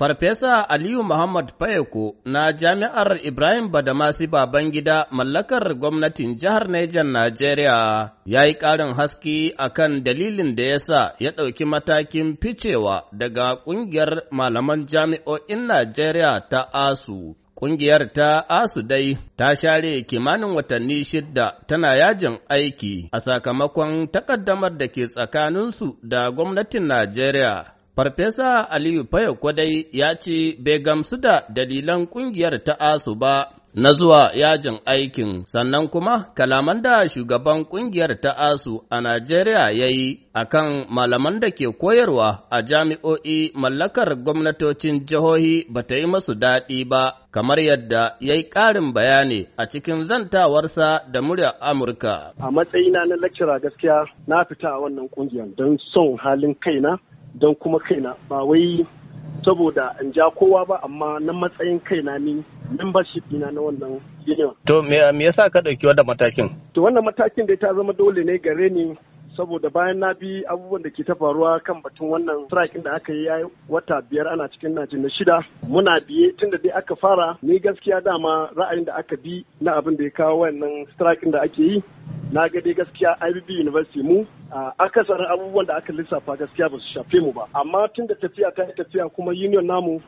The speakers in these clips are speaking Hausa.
Farfesa Aliyu Muhammad Fayeko na Jami'ar Ibrahim Badamasi Babangida mallakar gwamnatin jihar Nijar Najeriya ya yi ƙarin haske a kan dalilin da ya sa ya ɗauki matakin ficewa daga ƙungiyar malaman jami'o'in Najeriya ta ASU. Ƙungiyar ta ASU dai ta share kimanin watanni shidda tana yajin aiki a sakamakon takaddamar da ke tsakaninsu da gwamnatin Najeriya. Farfesa Aliyu Fayo Kwadai ya ce bai gamsu da dalilan ƙungiyar ta ASU ba na zuwa yajin aikin sannan kuma kalaman da shugaban ƙungiyar ta ASU a Najeriya ya yi a kan malaman da ke koyarwa a jami'o'i mallakar gwamnatocin jihohi ba ta yi masu daɗi ba kamar yadda ya yi ƙarin bayani a cikin zantawarsa da muryar Amurka. A matsayina na lecturer gaskiya na fita a wannan ƙungiyar don son halin kaina don kuma kaina ba wai saboda in ja kowa ba amma na matsayin kaina ni membership ina na wannan union. To me yasa ka ɗauki wannan matakin? To wannan matakin da ta zama dole ne gare ni saboda bayan na bi abubuwan da ke ta faruwa kan batun wannan strike da aka yi wata biyar ana cikin najin na shida muna biye tun da dai aka fara ni gaskiya dama ra'ayin da aka bi na abin da ya kawo wannan strike da ake yi na ga dai gaskiya IBB University mu akasarin abubuwan da aka lissafa gaskiya ba su shafe mu ba amma tun da tafiya ta tafiya kuma union namu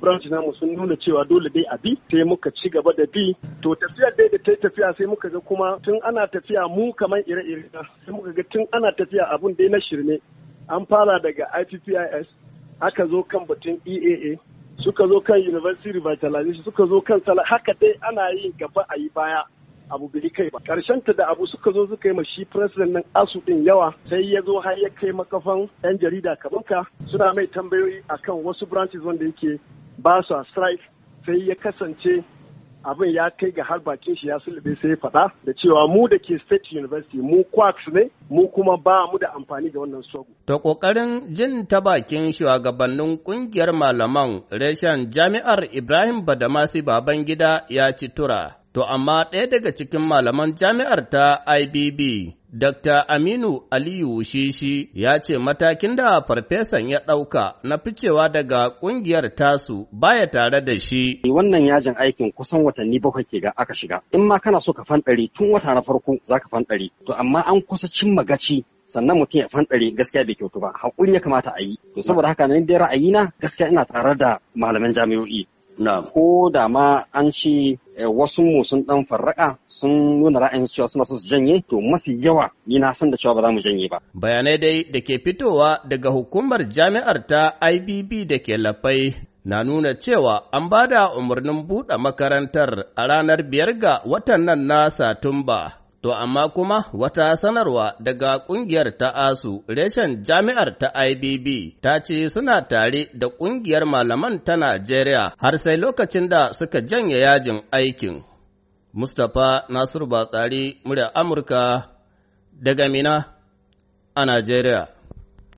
branch namu sun nuna cewa dole dai a bi sai muka ci gaba da bi to tafiyar dai da ta tafiya sai muka ga kuma tun ana tafiya mu kamar ire-ire sai muka ga tun ana tafiya abun dai na shirme an fara daga IPPIS aka zo kan batun EAA suka zo kan university revitalization suka zo kan haka dai ana yin gaba a yi baya abu bai kai ba karshen ta da abu suka zo suka yi ma shi president nan asu din yawa sai ya zo har ya kai makafan yan jarida kamar ka suna mai tambayoyi akan wasu branches wanda yake ba su a strike sai ya kasance abin ya kai ga har bakin shi ya sulube sai ya faɗa da cewa mu da ke state university mu quacks ne mu kuma ba mu da amfani da wannan sogo. Da ƙoƙarin jin ta bakin shugabannin ƙungiyar malaman reshen jami'ar Ibrahim Badamasi Babangida ya ci tura. To amma ɗaya daga cikin malaman jami'ar ta IBB, Dr. Aminu Aliyu Shishi ya ce matakin da farfesan ya ɗauka na ficewa daga ƙungiyar tasu baya tare da shi. Wannan yajin aikin kusan watanni bakwai ke ga aka shiga. In ma kana so ka fanɗari tun wata na farko za ka fanɗari. To amma an kusa cimma gaci sannan mutum ya fanɗari gaskiya bai kyautu ba hakuri ya kamata a yi to saboda haka na ne yi na, gaskiya ina tare da malaman jami'o'i ko da ma an ci eh, wasu mu sun dan farraka sun nuna ra'ayin cewa suna so su janye to mafi yawa ni na san da cewa ba za mu janye ba bayanai dai da ke fitowa daga hukumar jami'ar ta IBB da ke lafai na nuna cewa an ba da umarnin buɗe makarantar a ranar biyar ga watan nan na Satumba. To amma kuma wata sanarwa daga ƙungiyar ta ASU reshen jami'ar ta IBB ta ce suna tare da ƙungiyar malaman ta Najeriya har sai lokacin da suka janye yajin aikin. Mustapha Nasiru Batsari, murya Amurka daga Mina a Najeriya.